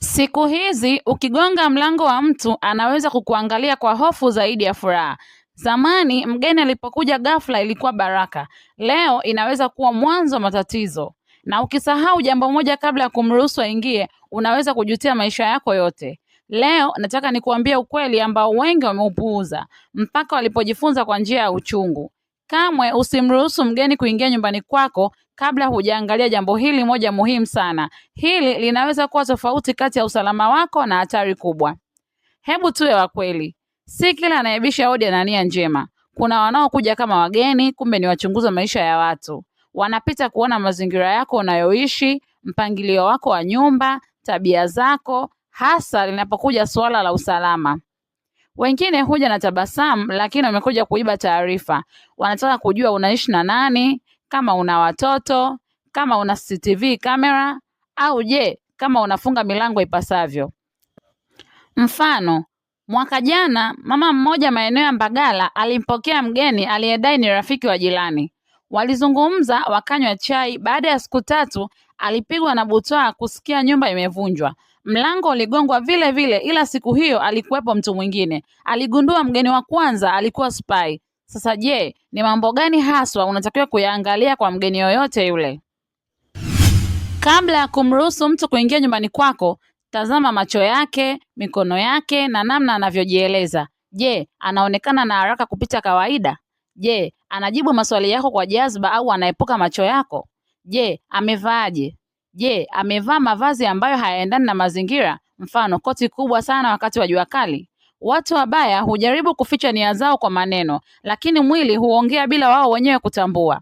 Siku hizi ukigonga mlango wa mtu anaweza kukuangalia kwa hofu zaidi ya furaha. Zamani mgeni alipokuja ghafla ilikuwa baraka, leo inaweza kuwa mwanzo wa matatizo. Na ukisahau jambo moja kabla ya kumruhusu aingie, unaweza kujutia maisha yako yote. Leo nataka nikuambia ukweli ambao wengi wameupuuza mpaka walipojifunza kwa njia ya uchungu. Kamwe usimruhusu mgeni kuingia nyumbani kwako kabla hujaangalia jambo hili moja muhimu sana. Hili linaweza kuwa tofauti kati ya usalama wako na hatari kubwa. Hebu tuwe wa kweli, si kila anayebisha hodi ana nia njema. Kuna wanaokuja kama wageni, kumbe ni wachunguza maisha ya watu. Wanapita kuona mazingira yako unayoishi, mpangilio wako wa nyumba, tabia zako, hasa linapokuja suala la usalama. Wengine huja na tabasamu, lakini wamekuja kuiba taarifa. Wanataka kujua unaishi na nani, kama una watoto, kama una CCTV kamera, au je, kama unafunga milango ipasavyo. Mfano, mwaka jana mama mmoja maeneo ya Mbagala alimpokea mgeni aliyedai ni rafiki wa jirani. Walizungumza, wakanywa chai. Baada ya siku tatu, alipigwa na butwaa kusikia nyumba imevunjwa. Mlango uligongwa vile vile, ila siku hiyo alikuwepo mtu mwingine. Aligundua mgeni wa kwanza alikuwa spy. Sasa je, ni mambo gani haswa unatakiwa kuyaangalia kwa mgeni yoyote yule? Kabla ya kumruhusu mtu kuingia nyumbani kwako, tazama macho yake, mikono yake na namna anavyojieleza. Je, anaonekana na haraka kupita kawaida? Je, anajibu maswali yako kwa jazba au anaepuka macho yako? Je, amevaaje? Je, amevaa mavazi ambayo hayaendani na mazingira, mfano koti kubwa sana wakati wa jua kali? Watu wabaya hujaribu kuficha nia zao kwa maneno, lakini mwili huongea bila wao wenyewe kutambua.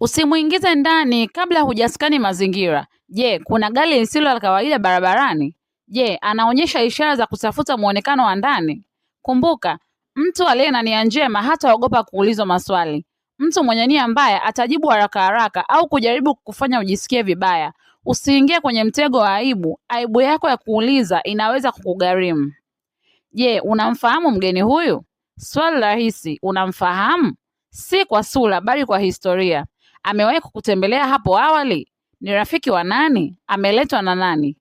Usimuingize ndani kabla hujaskani mazingira. Je, kuna gari lisilo la kawaida barabarani? Je, anaonyesha ishara za kutafuta muonekano wa ndani? Kumbuka, mtu aliye na nia njema hataogopa kuulizwa maswali mtu mwenye nia mbaya atajibu haraka haraka au kujaribu kukufanya ujisikie vibaya. Usiingie kwenye mtego wa aibu. Aibu yako ya kuuliza inaweza kukugharimu. Je, unamfahamu mgeni huyu? Swali rahisi, unamfahamu si kwa sura, bali kwa historia. Amewahi kukutembelea hapo awali? Ni rafiki wa nani? Ameletwa na nani?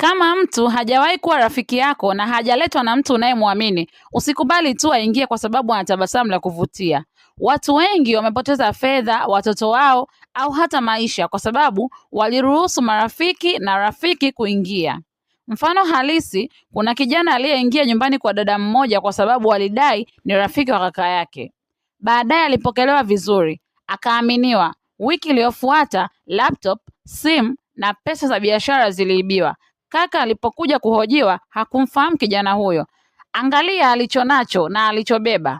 Kama mtu hajawahi kuwa rafiki yako na hajaletwa na mtu unayemwamini, usikubali tu aingie kwa sababu ana tabasamu la kuvutia. Watu wengi wamepoteza fedha, watoto wao, au hata maisha kwa sababu waliruhusu marafiki na rafiki kuingia. Mfano halisi, kuna kijana aliyeingia nyumbani kwa dada mmoja kwa sababu alidai ni rafiki wa kaka yake. Baadaye alipokelewa vizuri, akaaminiwa. Wiki iliyofuata laptop, simu na pesa za biashara ziliibiwa. Kaka alipokuja kuhojiwa hakumfahamu kijana huyo. Angalia alichonacho na alichobeba.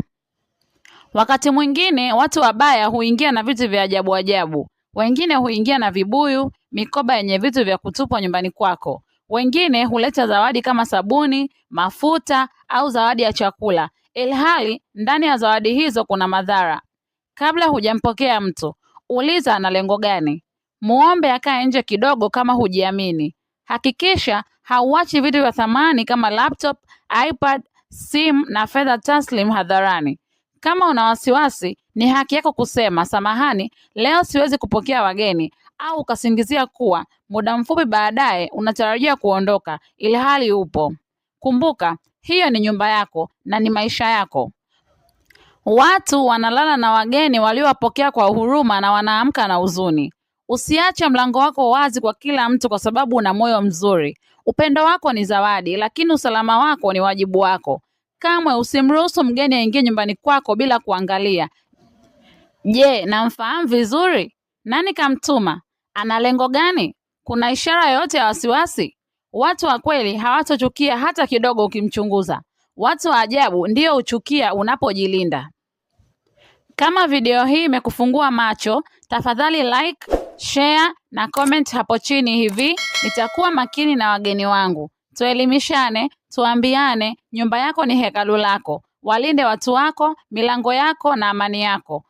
Wakati mwingine watu wabaya huingia na vitu vya ajabu ajabu. Wengine huingia na vibuyu, mikoba yenye vitu vya kutupwa nyumbani kwako. Wengine huleta zawadi kama sabuni, mafuta au zawadi ya chakula, ilhali ndani ya zawadi hizo kuna madhara. Kabla hujampokea mtu, uliza ana lengo gani. Muombe akae nje kidogo kama hujiamini. Hakikisha hauachi vitu vya thamani kama laptop, iPad, simu na fedha taslim hadharani. Kama una wasiwasi, ni haki yako kusema samahani, leo siwezi kupokea wageni, au ukasingizia kuwa muda mfupi baadaye unatarajia kuondoka ili hali upo. Kumbuka, hiyo ni nyumba yako na ni maisha yako. Watu wanalala na wageni waliowapokea kwa huruma na wanaamka na huzuni. Usiache mlango wako wazi kwa kila mtu, kwa sababu una moyo mzuri. Upendo wako ni zawadi, lakini usalama wako ni wajibu wako. Kamwe usimruhusu mgeni aingie nyumbani kwako bila kuangalia, je, namfahamu vizuri? Nani kamtuma? Ana lengo gani? Kuna ishara yoyote ya wasiwasi? Watu wa kweli hawatochukia hata kidogo ukimchunguza. Watu wa ajabu ndio huchukia unapojilinda. Kama video hii imekufungua macho, tafadhali like share na comment hapo chini hivi. Nitakuwa makini na wageni wangu, tuelimishane, tuambiane. Nyumba yako ni hekalu lako, walinde watu wako, milango yako na amani yako.